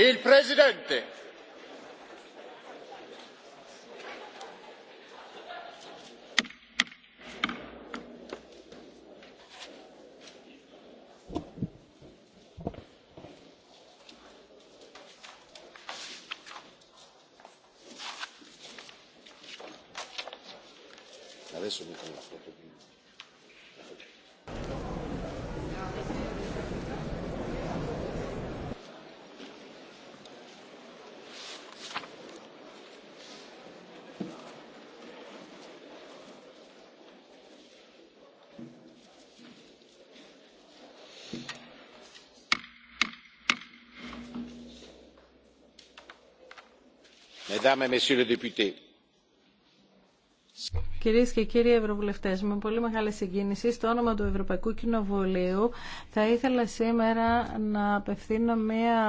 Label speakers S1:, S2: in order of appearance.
S1: Il Presidente.
S2: Adesso mi con la foto
S3: Κυρίε και κύριοι ευρωβουλευτές με πολύ μεγάλη συγκίνηση, στο όνομα του Ευρωπαϊκού Κοινοβουλίου, θα ήθελα σήμερα να απευθύνω
S4: μία